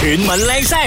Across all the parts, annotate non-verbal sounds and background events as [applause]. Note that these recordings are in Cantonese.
全民靚聲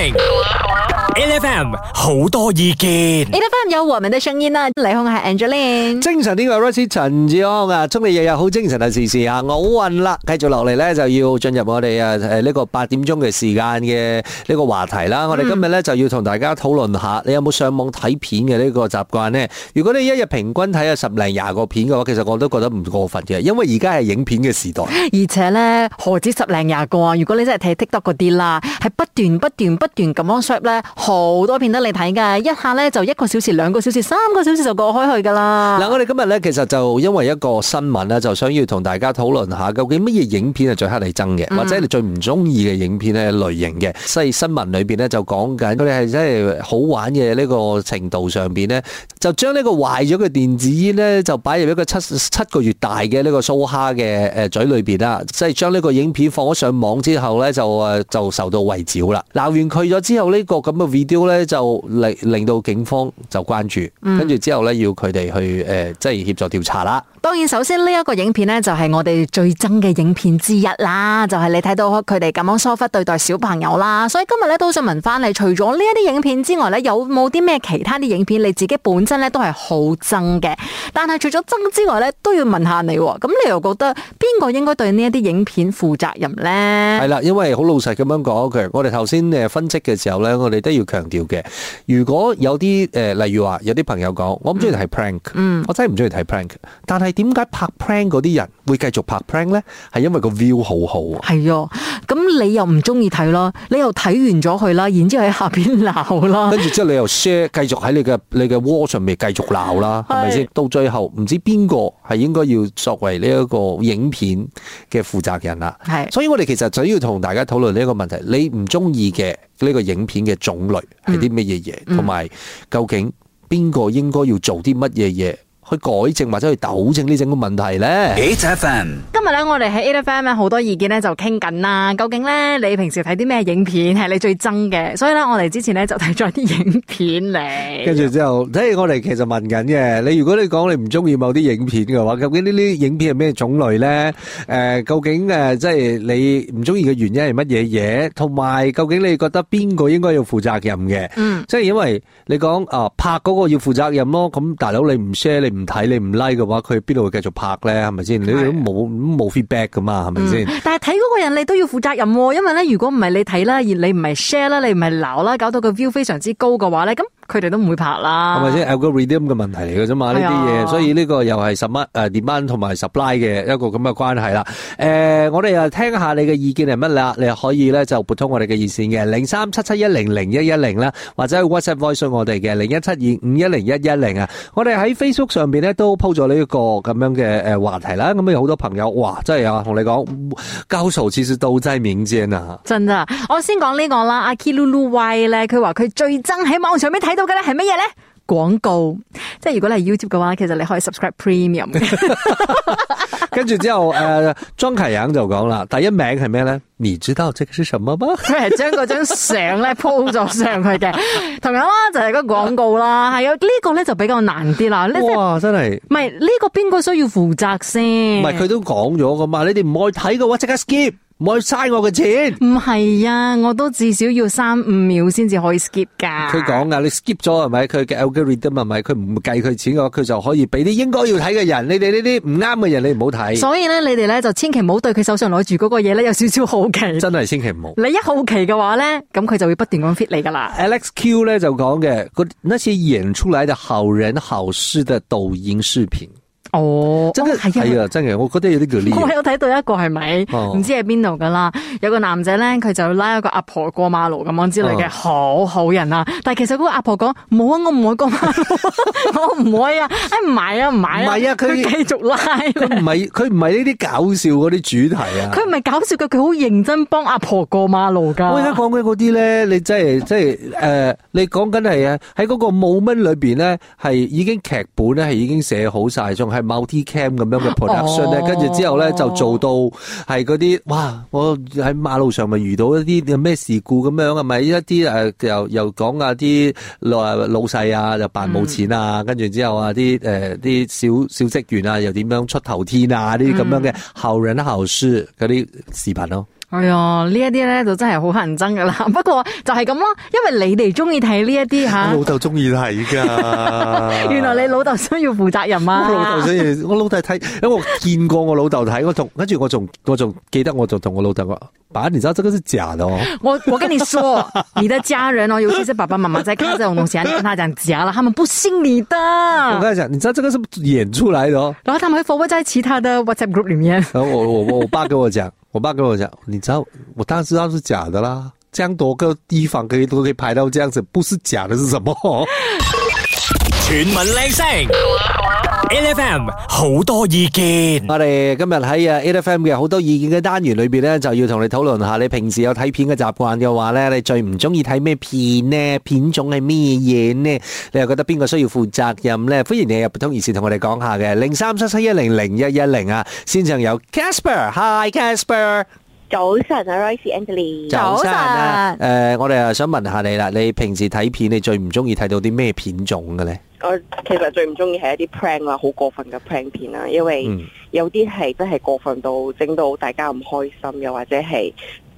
，L F M 好多意見，L F M 有和民的聲音啦。你好，我係 Angeline，精神呢嘅 Rosie 陳志康啊，祝你日日好精神啊！時事啊，奧運啦，繼續落嚟咧就要進入我哋誒誒呢個八點鐘嘅時間嘅呢個話題啦！我哋今日咧就要同大家討論下，你有冇上網睇片嘅呢個習慣呢？如果你一日平均睇啊十零廿個片嘅話，其實我都覺得唔過分嘅，因為而家係影片嘅時代，而且咧何止十零廿個啊！如果你真係睇 TikTok 嗰啲啦，係不斷不斷不斷咁樣 shout 咧，好多片得你睇嘅，一下咧就一個小時、兩個小時、三個小時就過開去噶啦。嗱，我哋今日咧其實就因為一個新聞咧，就想要同大家討論下，究竟乜嘢影片係最乞你憎嘅，嗯、或者你最唔中意嘅影片咧類型嘅。所以新聞裏邊咧就講緊佢哋係真係好玩嘅呢個程度上邊咧，就將呢個壞咗嘅電子煙咧就擺入一個七七個月大嘅呢個蘇蝦嘅誒嘴裏邊啦。即係將呢個影片放咗上網之後咧就誒就受到圍。少啦，鬧完佢咗之後，呢、這個咁嘅 video 咧就令令到警方就關注，跟住之後咧要佢哋去誒，即係協助調查啦。當然，首先呢一、這個影片咧就係我哋最憎嘅影片之一啦，就係、是、你睇到佢哋咁樣疏忽對待小朋友啦。所以今日咧都想問翻你，除咗呢一啲影片之外咧，有冇啲咩其他啲影片你自己本身咧都係好憎嘅？但係除咗憎之外咧，都要問下你喎。咁你又覺得邊個應該對呢一啲影片負責任咧？係啦，因為好老實咁樣講我哋頭先誒分析嘅時候咧，我哋都要強調嘅。如果有啲誒，例如話有啲朋友講，我唔中意睇 prank，我真係唔中意睇 prank。但係點解拍 prank 嗰啲人會繼續拍 prank 咧？係因為個 view 好好啊。係喲，咁你又唔中意睇啦，你又睇完咗佢啦，然之後喺下邊鬧啦，跟住之後你又 share，繼續喺你嘅你嘅 wall 上面繼續鬧啦，係咪先？是到最後唔知邊個係應該要作為呢一個影片嘅負責人啦。係是，所以我哋其實就要同大家討論呢一個問題，你唔中意嘅呢個影片嘅種類係啲乜嘢嘢，同埋、嗯嗯、究竟邊個應該要做啲乜嘢嘢去改正或者去糾正呢種嘅問題咧。A F M 今日咧，我哋喺 A F M 咧好多意見咧就傾緊啦。究竟咧，你平時睇啲咩影片係你最憎嘅？所以咧，我哋之前咧就睇咗啲影片嚟。跟住之後，即係，我哋其實問緊嘅，你如果你講你唔中意某啲影片嘅話，究竟呢啲影片係咩種類咧？誒，究竟誒，即係你唔中意嘅原因係乜嘢嘢？同埋究竟你覺得邊個應該要負責任嘅？嗯，即係因為你講啊，拍嗰個要負責任咯。咁大佬，你唔 share 你？唔睇你唔 like 嘅話，佢邊度會繼續拍咧？係咪先？你都冇冇 feedback 噶嘛？係咪先？但係睇嗰個人你都要負責任啊，因為咧，如果唔係你睇啦，而你唔係 share 啦，你唔係鬧啦，搞到個 view 非常之高嘅話咧，咁。佢哋都唔會拍啦，係咪先 algorithm 嘅問題嚟嘅啫嘛？呢啲嘢，所以呢個又係十蚊誒 demand 同埋 supply 嘅一個咁嘅關係啦。誒、 [music] 呃，我哋又聽下你嘅意見係乜啦？你可以咧就撥通我哋嘅熱線嘅零三七七一零零一一零啦，10, 或者 WhatsApp voice 我哋嘅零一七二五一零一一零啊。10, 我哋喺 Facebook 上面咧都鋪咗呢一個咁樣嘅誒話題啦。咁有好多朋友哇，真係啊，同你講高手其實都在民間啊！真啊，我先講呢個啦，阿 Klu Lu Wei 咧，佢話佢最憎喺網上面睇。睇到嘅咧係乜嘢咧？廣告，即係如果你係 YouTube 嘅話，其實你可以 subscribe Premium。 [laughs] [laughs] 跟住之後，誒、呃，莊啟仁就講啦，第一名係咩咧？你知道這個是什麼嗎？佢係將嗰張相咧鋪咗上去嘅，同樣啦，就係個廣告啦。係啊，呢、這個咧就比較難啲啦。哇，是真係，唔係呢個邊個需要負責先？唔係，佢都講咗噶嘛。你哋唔愛睇嘅話，即刻 skip。唔好嘥我嘅錢！唔係啊，我都至少要三五秒先至可以 skip 噶。佢講噶，你 skip 咗係咪？佢嘅 algorithm 係咪？佢唔計佢錢嘅話，佢就可以俾啲應該要睇嘅人。你哋呢啲唔啱嘅人你，你唔好睇。所以咧，你哋咧就千祈唔好對佢手上攞住嗰個嘢咧有少少好奇。真係千祈唔好。你一好奇嘅話咧，咁佢就會不斷咁 fit 你噶啦。Alex Q 咧就講嘅，嗰啲演出嚟嘅好人好事嘅導演視頻。哦，真係係啊，真係，我覺得有啲叫劣。我有睇到一個係咪，唔知係邊度噶啦？有個男仔咧，佢就拉一個阿婆過馬路咁樣之類嘅，好好人啊！但係其實嗰個阿婆講，冇啊，我唔會過馬路，我唔會啊，哎唔係啊，唔係啊，佢繼續拉。佢唔係，佢唔係呢啲搞笑嗰啲主題啊。佢唔係搞笑嘅，佢好認真幫阿婆過馬路噶。我而家講緊嗰啲咧，你真係真係誒，你講緊係啊？喺嗰個 moment 裏邊咧，係已經劇本咧係已經寫好晒，Multicam 咁樣嘅 production 咧、哦，跟住之後咧就做到係嗰啲，哇！我喺馬路上咪遇到一啲咩事故咁樣、呃呃呃呃呃、啊？咪一啲誒又又講啊啲老老細啊又扮冇錢啊，跟住、嗯、之後啊啲誒啲小小職員啊又點樣出頭天啊啲咁樣嘅、嗯、好人好事嗰啲視頻咯。哎喲呢一啲咧就真係好乞人憎噶啦。 [laughs] 不過就係咁咯，因為你哋中意睇呢一啲吓。啊、我老豆中意睇噶， [laughs] 原來你老豆需要負責任啊。我老豆需要，我老豆睇，因為我見過我老豆睇，我同跟住我仲我仲記得我，我仲同我老豆講，爸，你知道這個是假的。我我跟你說，你的家人哦，尤其是爸爸媽媽在看這種東西，你跟他講假啦，他們不信你的。我跟你講，你知道這個是演出來的。然後他們會發佈在其他的 WhatsApp group 裏面。我我我爸跟我講。我爸跟我講，你知道，我當然知道是假的啦。這樣多個地方可以都可以拍到這樣子，不是假的，是什麼？全民靚聲。L F M 好多意見，我哋今日喺啊 L F M 嘅好多意見嘅單元裏邊咧，就要同你討論下你平時有睇片嘅習慣嘅話咧，你最唔中意睇咩片咧？片種係咩嘢咧？你又覺得邊個需要負責任咧？歡迎你入普通熱線同我哋講下嘅零三七七一零零一一零啊！線上有 Casper，Hi Casper，早晨啊，Rosie，Andri，早晨，誒，我哋啊想問下你啦，你平時睇片，你最唔中意睇到啲咩片種嘅咧？我其實最唔中意係一啲 prank 啦，好過分嘅 prank 片啦，因為有啲係真係過分到整到大家唔開心的，又或者係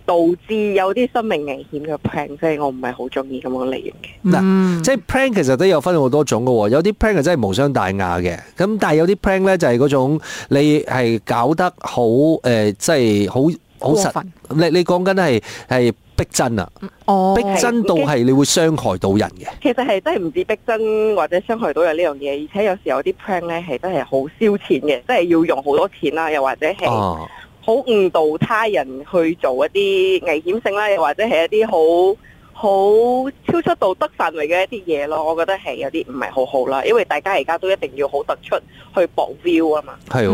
導致有啲生命危險嘅 prank，所以我唔係好中意咁樣嚟嘅。嗱、嗯，嗯、即係 prank 其實都有分好多種嘅喎，有啲 prank 佢真係無傷大雅嘅，咁但係有啲 prank 咧就係嗰種你係搞得好誒，即係好好實。你你講緊係係。逼真啊！哦、逼真到係你會傷害到人嘅。其實係真係唔止逼真或者傷害到人呢樣嘢，而且有時有啲 plan 咧係真係好燒錢嘅，即係要用好多錢啦，又或者係好誤導他人去做一啲危險性啦，又或者係一啲好。好超出道德範圍嘅一啲嘢咯，我覺得係有啲唔係好好啦。因為大家而家都一定要好突出去搏 view 啊嘛。係，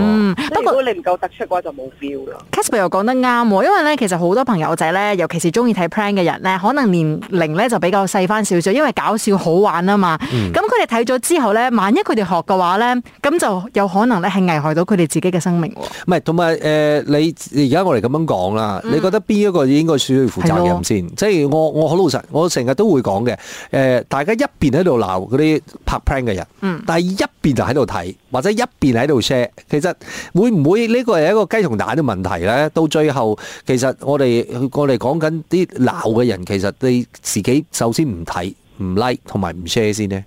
不過如果你唔夠突出嘅話，但就冇 view 啦。Casper 又講得啱喎，因為咧其實好多朋友仔咧，尤其是中意睇 plan 嘅人咧，可能年齡咧就比較細翻少少，因為搞笑好玩啊嘛。咁佢哋睇咗之後咧，萬一佢哋學嘅話咧，咁就有可能咧係危害到佢哋自己嘅生命喎。唔係，同埋誒，你而家我哋咁樣講啦，嗯、你覺得邊一個應該需要負責任先？的即係我我好老實。我成日都會講嘅，誒、大家一邊喺度鬧嗰啲拍 plan 嘅人，嗯、但係一邊就喺度睇，或者一邊喺度 share。其實會唔會呢個係一個雞同蛋嘅問題咧？到最後，其實我哋我哋講緊啲鬧嘅人，其實你自己首先唔睇、唔 like 同埋唔 share 先咧。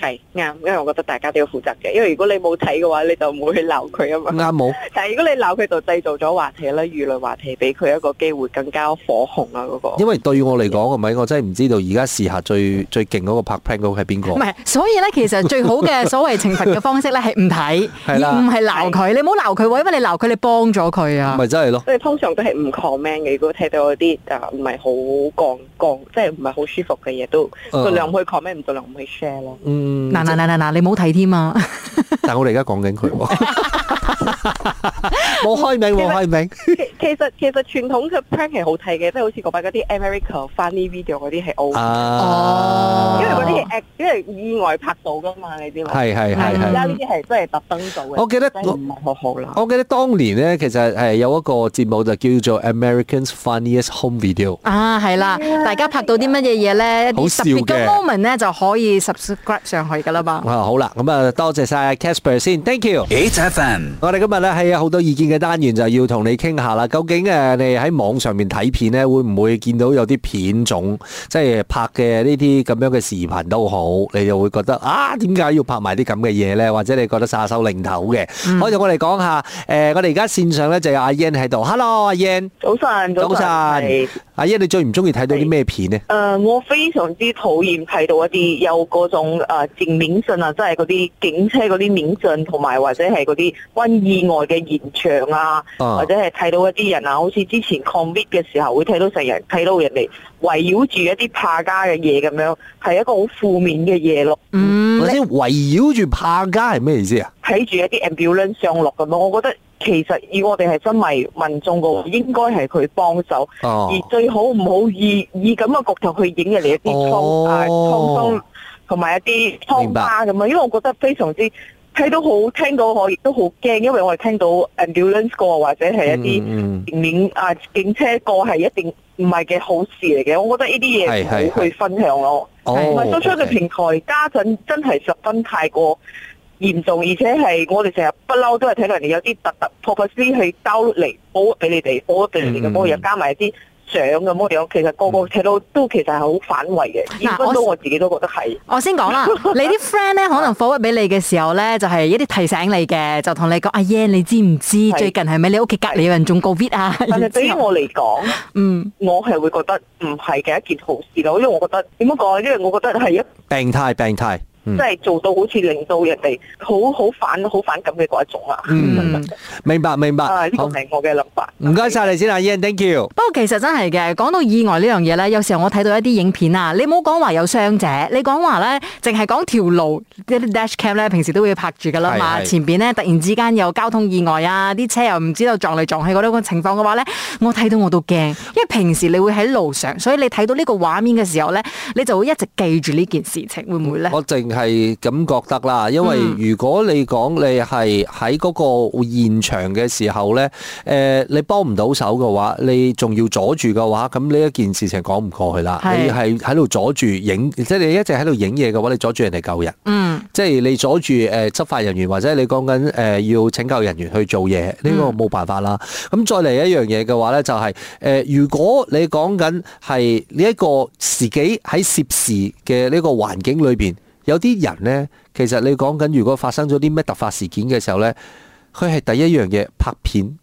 係啱，因為我覺得大家都要負責嘅。因為如果你冇睇嘅話，你就唔會去鬧佢啊嘛。啱冇。但係如果你鬧佢，就製造咗話題啦，輿論話題俾佢一個機會更加火紅啊嗰個。因為對於我嚟講，係咪？我真係唔知道而家時下最最勁嗰個拍片嗰個係邊個。唔係，所以咧，其實最好嘅所謂懲罰嘅方式咧，係唔睇，而唔係鬧佢。你唔好鬧佢，因為你鬧佢，你幫咗佢啊。咪真係咯。所以通常都係唔 comment 嘅。如果睇到啲啊唔係好光光，即係唔係好舒服嘅嘢，都盡量唔去 comment，唔盡量唔去 share 咯。嗯。嗱嗱嗱嗱嗱！你唔好睇添啊！但係我哋而家講緊佢。冇開名，冇開名。其其實其實傳統嘅 prank 係好睇嘅，即係好似嗰班嗰啲 America funny video 嗰啲係 O。啊，因為嗰啲誒，因為意外拍到噶嘛，你知嘛？係係係係，而家呢啲係真係特登做嘅。我記得唔係好好啦。我記得當年咧，其實係有一個節目就叫做 American Funniest Home Video。啊，係啦，大家拍到啲乜嘢嘢咧，一啲特別 moment 咧就可以 subscribe 上去噶啦嘛。啊，好啦，咁啊多謝晒 Casper 先，Thank you。H F M，我哋今日。今日係有好多意見嘅單元，就要同你傾下啦。究竟你喺網上面睇片咧，會唔會見到有啲片種，即係拍嘅呢啲咁樣嘅視頻都好，你就會覺得啊，點解要拍埋啲咁嘅嘢咧？或者你覺得撒手令頭嘅？好、嗯呃，我哋講下誒，我哋而家線上咧就有阿燕喺度。Hello，阿燕，早晨，早晨，阿燕，你最唔中意睇到啲咩片呢、呃？我非常之討厭睇到一啲有嗰種正面信啊，即係嗰啲警車嗰啲面信，同埋或者係嗰啲瘟疫外嘅現場啊，或者係睇到一啲人啊，好似之前抗疫嘅時候，會睇到成日睇到人哋圍繞住一啲怕家嘅嘢咁樣，係一個好負面嘅嘢咯。嗯，你圍繞住怕家係咩意思啊？睇住一啲 ambulance 上落咁樣。我覺得其實以我哋係身為民眾嘅，應該係佢幫手，哦、而最好唔好以以咁嘅角度去影人哋一啲蒼、哦、啊蒼生，同埋一啲蒼差咁樣，白因為我覺得非常之。睇到好，也聽到我亦都好驚，因為我哋聽到誒 ambulance 過或者係一啲警啊警車過係一定唔係嘅好事嚟嘅，我覺得呢啲嘢唔好去分享咯。唔都出嘅平台，家陣是真係十分太過嚴重，而且係我哋成日不嬲都係睇到人哋有啲突突破格先去兜嚟煲俾你哋，煲俾你哋嘅煲又加埋一啲。想咁樣其實個個睇到都其實係好反胃嘅。嗱，我我自己都覺得係、啊。我先講啦，你啲 friend 咧可能 forward 俾你嘅時候咧，就係一啲提醒你嘅，就同你講：阿、啊、Yen, 你知唔知道最近係咪你屋企隔籬有人中 COVID 啊？但係對於我嚟講，嗯，我係會覺得唔係嘅一件好事咯，因為我覺得點樣講？因為我覺得係一病態，病態。即係、嗯、做到好似令到人哋好好反好反感嘅嗰一種啊！明白、嗯、明白。明白啊，呢個係我嘅諗法。唔該晒你先啊，Ian，thank 是 you。不過其實真係嘅，講到意外呢樣嘢咧，有時候我睇到一啲影片啊，你唔好講話有傷者，你講話咧，淨係講條路，啲 Dashcam 咧平時都會拍住噶啦嘛。是是前邊咧突然之間有交通意外啊，啲車又唔知道撞嚟撞去嗰啲情況嘅話咧，我睇到我都驚，因為平時你會喺路上，所以你睇到呢個畫面嘅時候咧，你就會一直記住呢件事情，會唔會咧？我淨。係咁覺得啦，因為如果你講你係喺嗰個現場嘅時候咧，誒、嗯呃，你幫唔到手嘅話，你仲要阻住嘅話，咁呢一件事情講唔過去啦。是你係喺度阻住影，即、就、係、是、你一直喺度影嘢嘅話，你阻住人哋救人，嗯，即係你阻住誒執法人員或者你講緊誒要拯救人員去做嘢，呢、這個冇辦法啦。咁、嗯、再嚟一樣嘢嘅話咧、就是，就係誒，如果你講緊係呢一個自己喺涉事嘅呢個環境裏面。有啲人呢，其實你講緊，如果發生咗啲咩突發事件嘅時候呢，佢係第一樣嘢拍片，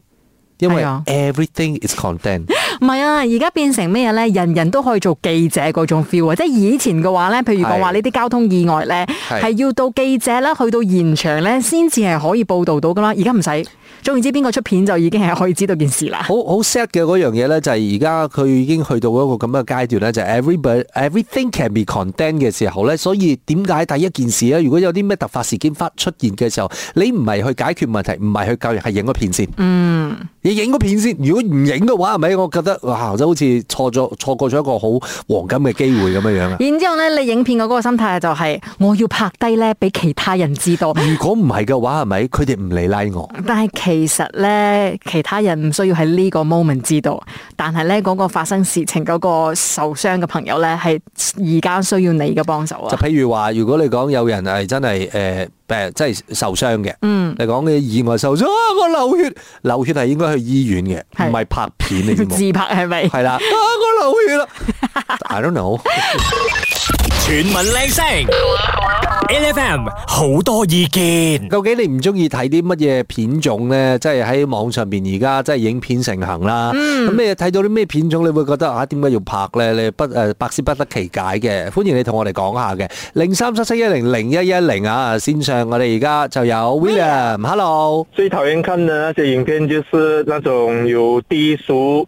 因為 everything is content。唔係啊！而家變成咩嘢咧？人人都可以做記者嗰種 feel 啊！即係以前嘅話咧，譬如講話呢啲交通意外咧，係是要到記者啦，去到現場咧，先至係可以報導到噶啦。而家唔使，總言之，邊個出片就已經係可以知道件事啦。好好 sad 嘅嗰樣嘢咧，就係而家佢已經去到一個咁嘅階段咧，就係、everybody，everything can be condemned 嘅時候咧。所以點解第一件事咧？如果有啲咩突發事件發出現嘅時候，你唔係去解決問題，唔係去救人，係影個片先。嗯。你影個片先，如果唔影嘅話，係咪？我覺得。哇！就好似錯咗錯過咗一個好黃金嘅機會咁樣樣。然之後咧，你影片嗰個心態就係、是，我要拍低咧，俾其他人知道。如果唔係嘅話，係咪佢哋唔理拉我？但係其實咧，其他人唔需要喺呢個 moment 知道。但係咧，嗰、嗰個發生事情嗰個受傷嘅朋友咧，係而家需要你嘅幫手啊。就譬如話，如果你講有人係真係誒。呃誒，即係受傷嘅，嗯、你講嘅意外受傷、啊，我流血，流血係應該去醫院嘅，唔係拍片嚟嘅，是 [laughs] 自拍係咪？係啦，啊，我流血啦。 [laughs] I don't know。全民靚聲。L.F.M. 好多意見，究竟你唔中意睇啲乜嘢片種咧？即係喺網上邊而家即係影片盛行啦。咁、嗯、你睇到啲咩片種你會覺得啊，點解要拍咧？你不誒、呃、百思不得其解嘅。歡迎你同我哋講下嘅零三七七一零零一一零啊！線上我哋而家就有 William，Hello。嗯、Hello 最討厭看的那些影片就是那種有低俗。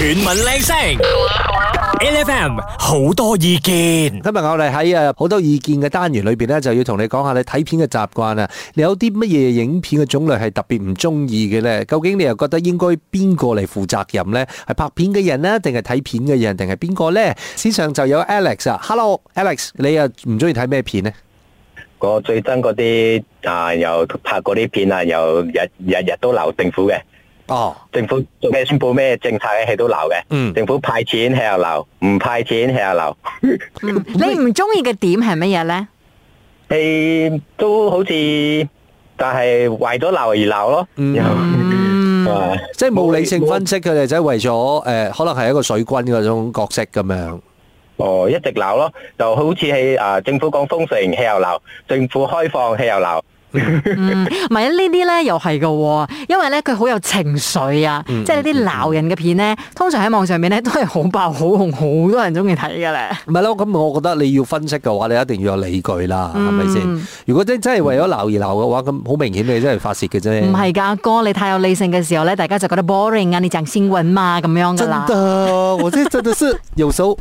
全民靚聲，LFM 好多意見。今日我哋喺，誒好多意見嘅單元裏邊咧，就要同你講下你睇片嘅習慣啊。你有啲乜嘢影片嘅種類係特別唔中意嘅咧？究竟你又覺得應該邊個嚟負責任咧？係拍片嘅人咧，定係睇片嘅人，定係邊個咧？線上就有 Alex 啊，Hello Alex，你又唔中意睇咩片咧？我最憎嗰啲啊，又拍嗰啲片啊，又日日日都鬧政府嘅。哦，政府做咩宣佈咩政策咧？係都鬧嘅。嗯，政府派錢係又鬧，唔派錢係又鬧。嗯，你唔中意嘅點係乜嘢咧？誒，都好似，但係為咗鬧而鬧咯。嗯，即係冇理性分析佢哋，就係為咗誒，可能係一個水軍嗰種角色咁樣。哦，一直鬧咯，就好似係啊，政府講封城，係又鬧；政府開放，係又鬧。唔係、 [laughs] 嗯、呢啲咧，又係噶因為咧佢好有情緒啊，嗯嗯嗯嗯即係啲鬧人嘅片咧，通常喺網上面咧都係好爆、好紅、好多人中意睇噶咧。唔係咯？咁我覺得你要分析嘅話，你一定要有理據啦，係咪先？如果真真係為咗鬧而鬧嘅話，咁好、嗯、明顯你真係發洩嘅啫。唔係噶，哥，你太有理性嘅時候咧，大家就覺得 boring 啊！你就先聞嘛，咁樣噶啦。真的，我知道真真係是有時候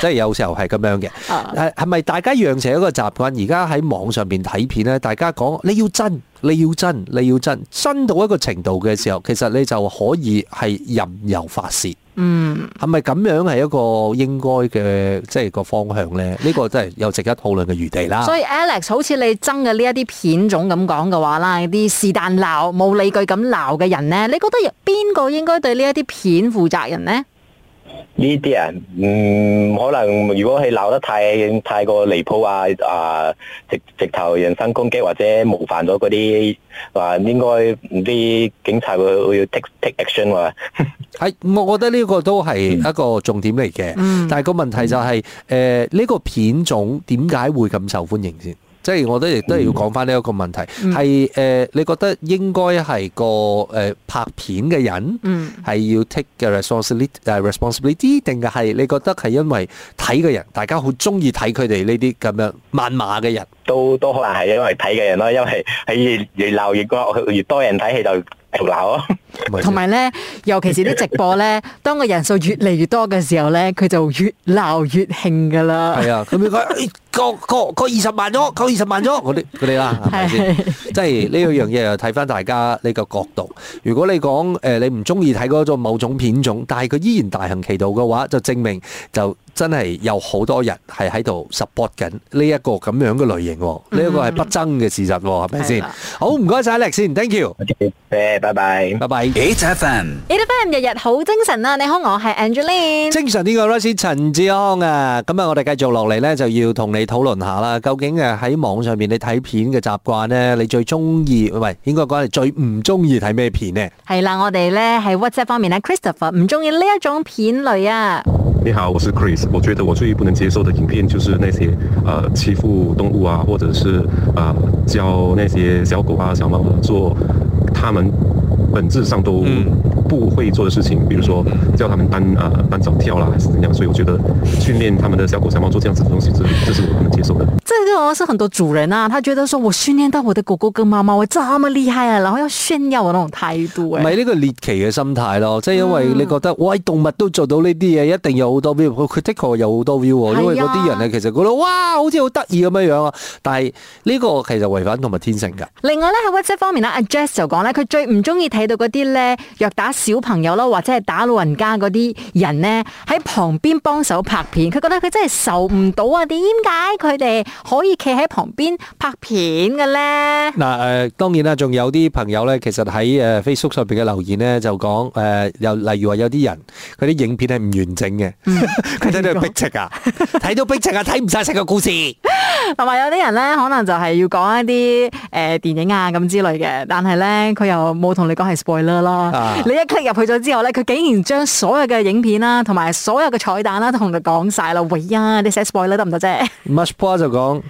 即係有時候係咁樣嘅。係係咪大家養成一個習慣？而家喺網上面睇片咧，大家講。你要真，你要真，你要真，真到一個程度嘅時候，其實你就可以係任由發洩。嗯，係咪咁樣係一個應該嘅即係個方向咧？呢個真係有值得討論嘅餘地啦。所以 Alex，好似你憎嘅呢一啲片種咁講嘅話啦，啲是但鬧冇理據咁鬧嘅人咧，你覺得邊個應該對呢一啲片負責人咧？呢啲人、嗯，可能如果係鬧得太太過離譜啊，啊，直直頭人身攻擊或者冒犯咗嗰啲，話、啊、應該唔知警察會會要 take take action 係、啊， [laughs] 我覺得呢個都係一個重點嚟嘅，嗯、但係個問題就係、是，誒、嗯，呢、呃這個片種點解會咁受歡迎先？即係我都亦都係要講翻呢一個問題，係誒你覺得應該係個誒拍片嘅人係要 take 嘅 responsibility，定嘅係你覺得係因為睇嘅人，大家好中意睇佢哋呢啲咁樣漫罵嘅人都都可能係因為睇嘅人咯，因為喺越鬧越多越多人睇戲，就。鬧同埋咧，尤其是啲直播咧， [laughs] 當個人數越嚟越多嘅時候咧，佢就越鬧越興噶啦。係 [laughs] 啊，咁佢講「個二十萬咗，個二十萬咗嗰啲啲啦，係咪先？是是 [laughs] 即係呢一樣嘢又睇翻大家呢個角度。如果你講誒，你唔中意睇嗰種某種片種，但係佢依然大行其道嘅話，就證明就真係有好多人係喺度 support 緊呢一個咁樣嘅類型。呢、這、一個係不爭嘅事實，係咪先？ [laughs] 的好，唔該晒阿力先，thank you。 [laughs] 拜拜，拜拜。Eight FM，Eight FM 日日好精神啊，你好，我係 Angeline。精神呢個 Ricky 陳志安啊，咁啊，我哋繼續落嚟咧，就要同你討論下啦。究竟誒喺網上面你睇片嘅習慣咧，你最中意喂，應該講係最唔中意睇咩片，啊，呢？係啦，我哋咧係 WhatsApp 方面咧，Christopher 唔中意呢一種片類啊。你好，我是 Chris。我覺得我最不能接受的影片就是那些誒，呃，欺負動物啊，或者是誒，呃，教那些小狗啊，小貓、啊，做。他們本質上都不會做的事情，嗯、比如說叫他們單啊單腳跳啦，還是怎樣，所以我覺得訓練他們的小狗小貓做這樣子的東西，這這是我能接受的。呢個很多主人啊，他覺得說我訓練到我的狗狗跟貓貓，我這麼厲害啊，然後要炫耀我那種態度啊，唔係呢個獵奇嘅心態咯，即係因為你覺得喂，動物都做到呢啲嘢，一定有好多 view，佢的確有好多 view，因為嗰啲人呢，其實覺得哇，好似好得意咁樣樣啊，但係呢個其實違反動物天性噶。另外呢，喺 watch 方面呢，阿 Jess 就講呢，佢最唔中意睇到嗰啲呢，虐打小朋友咯，或者係打老人家嗰啲人呢，喺旁邊幫手拍片，佢覺得佢真係受唔到啊，點解佢哋？可以企喺旁邊拍片嘅咧？嗱，誒，當然啦，仲有啲朋友咧，其實喺誒 Facebook 上邊嘅留言咧，就講誒，又、呃、例如話有啲人佢啲影片係唔完整嘅，睇、嗯、 [laughs] 到逼切啊，睇 [laughs] 到逼切啊，睇唔晒成個故事。同埋有啲人咧，可能就係要講一啲誒、呃、電影啊咁之類嘅，但係咧佢又冇同你講係 spoiler 囉。啊、你一 click 入去咗之後咧，佢竟然將所有嘅影片啦，同埋所有嘅彩蛋啦，同佢講晒啦。喂啊，你寫 spoiler 得唔得啫？Much Paul 就講。 [laughs]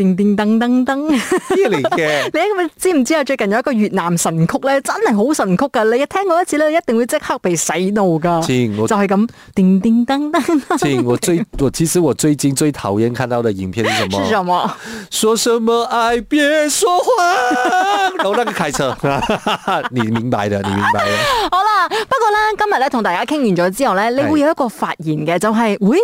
叮叮噔噔噔，呢嚟嘅，你知唔知啊？最近有一個越南神曲咧，真係好神曲噶，你一聽過一次咧，一定會即刻被洗腦噶。請我 就係咁，叮叮噔噔。我最我其實我最近最討厭看到嘅影片是什麼？是什麼？說什麼愛別說話，我 [laughs] 那個開車 [laughs] 你，你明白嘅，你明白嘅。好啦，不過咧今日咧同大家傾完咗之後咧，你會有一個發現嘅，是就係、是，喂，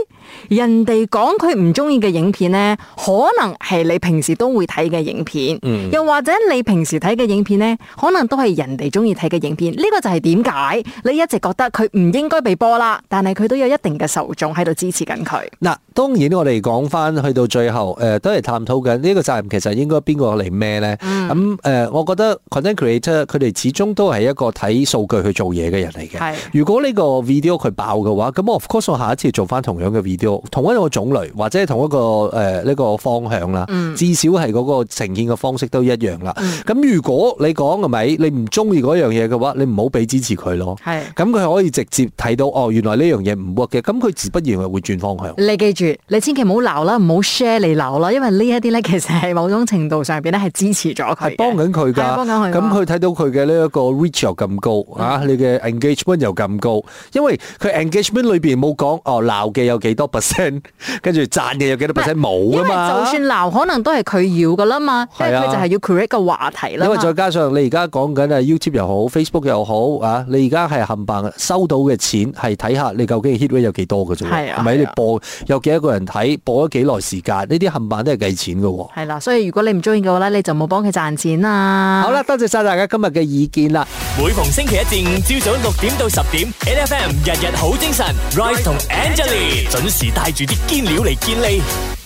人哋講佢唔中意嘅影片咧，可能係。你平時都會睇嘅影片，又或者你平時睇嘅影片呢，可能都係人哋中意睇嘅影片。呢個就係點解你一直覺得佢唔應該被播啦，但係佢都有一定嘅受眾喺度支持緊佢。嗱，當然我哋講翻去到最後，呃、都係探討緊呢個責任，其實應該邊個嚟咩呢？咁、嗯呃、我覺得 content creator 佢哋始終都係一個睇數據去做嘢嘅人嚟嘅。是如果呢個 video 佢爆嘅話，咁 of course 我下一次做翻同樣嘅 video，同一個種類或者同一個呢、呃這個方向啦。嗯，至少係嗰個呈現嘅方式都一樣啦。咁如果你講係咪你唔中意嗰樣嘢嘅話，你唔好俾支持佢咯。係，咁佢可以直接睇到哦，原來呢樣嘢唔 work 嘅，咁佢自不然會轉方向。你記住，你千祈唔好鬧啦，唔好 share 你鬧啦，因為呢一啲咧其實係某種程度上邊咧係支持咗佢，係幫緊佢㗎，係幫緊佢。咁佢睇到佢嘅呢一個 reach 又咁高，嚇你嘅 engagement 又咁高，因為佢 engagement 裏邊冇講哦鬧嘅有幾多 percent，跟住讚嘅有幾多 percent 冇啊嘛，因為就算鬧。可能都係佢要噶啦嘛，佢就係要 create 個話題啦。因為再加上你而家講緊啊 YouTube 又好，Facebook 又好啊，你而家係冚棒收到嘅錢係睇下你究竟 hit rate 有幾多嘅啫，係咪是、啊、你播有幾多個人睇，播咗幾耐時間，呢啲冚棒都係計錢嘅。係啦、啊，所以如果你唔中意嘅話咧，你就冇幫佢賺錢啦。好啦，多謝晒大家今日嘅意見啦。每逢星期一至五朝早六點到十點，MY FM 日日好精神，Ray 同 Angeline 準時帶住啲堅料嚟見你。